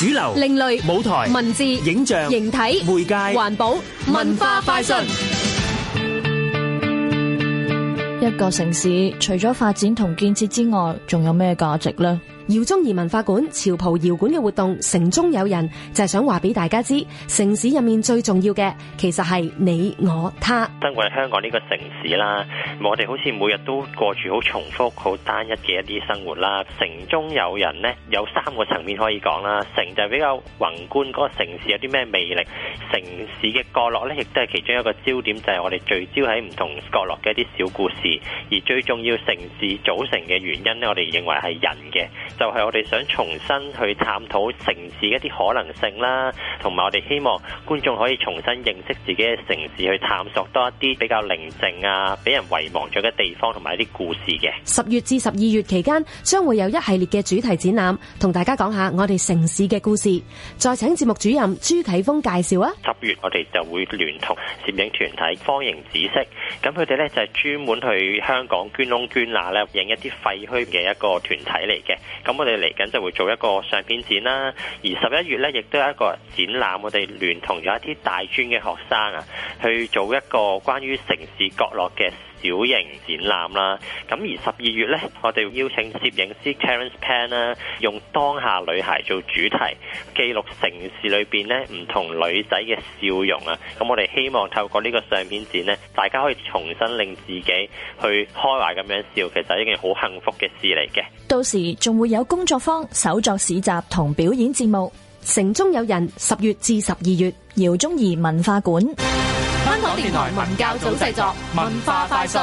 主流、另類舞台、文字、影像、形體、媒介、環保、文化、快訊。一個城市除咗發展同建設之外，仲有咩價值呢？耀中移文化館潮浦搖館嘅活動，城中有人就係、是、想話俾大家知，城市入面最重要嘅其實係你我他。生活喺香港呢個城市啦，我哋好似每日都過住好重複、好單一嘅一啲生活啦。城中有人咧，有三個層面可以講啦。城就係比較宏觀，嗰、那個城市有啲咩魅力？城市嘅角落咧，亦都係其中一個焦點，就係、是、我哋聚焦喺唔同角落嘅一啲小故事。而最重要，城市組成嘅原因咧，我哋認為係人嘅。就係我哋想重新去探討城市一啲可能性啦，同埋我哋希望觀眾可以重新認識自己嘅城市，去探索多一啲比較寧靜啊、俾人遺忘咗嘅地方同埋一啲故事嘅。十月至十二月期間，將會有一系列嘅主題展覽，同大家講下我哋城市嘅故事。再請節目主任朱啟峰介紹啊。十月我哋就會聯同攝影團體方形紫色，咁佢哋呢就係專門去香港捐窿捐罅咧影一啲廢墟嘅一個團體嚟嘅。咁我哋嚟緊就會做一個相片展啦，而十一月呢亦都有一個展覽，我哋聯同咗一啲大專嘅學生啊，去做一個關於城市角落嘅小型展覽啦，咁而十二月咧，我哋邀請攝影師 Karen Pan 啦，用當下女孩做主題，記錄城市裏邊咧唔同女仔嘅笑容啊！咁我哋希望透過呢個相片展咧，大家可以重新令自己去開懷咁樣笑，其實係一件好幸福嘅事嚟嘅。到時仲會有工作坊、手作市集同表演節目，城中有人十月至十二月，饒宗頤文化館。香港電台文教組製作《文化快訊》。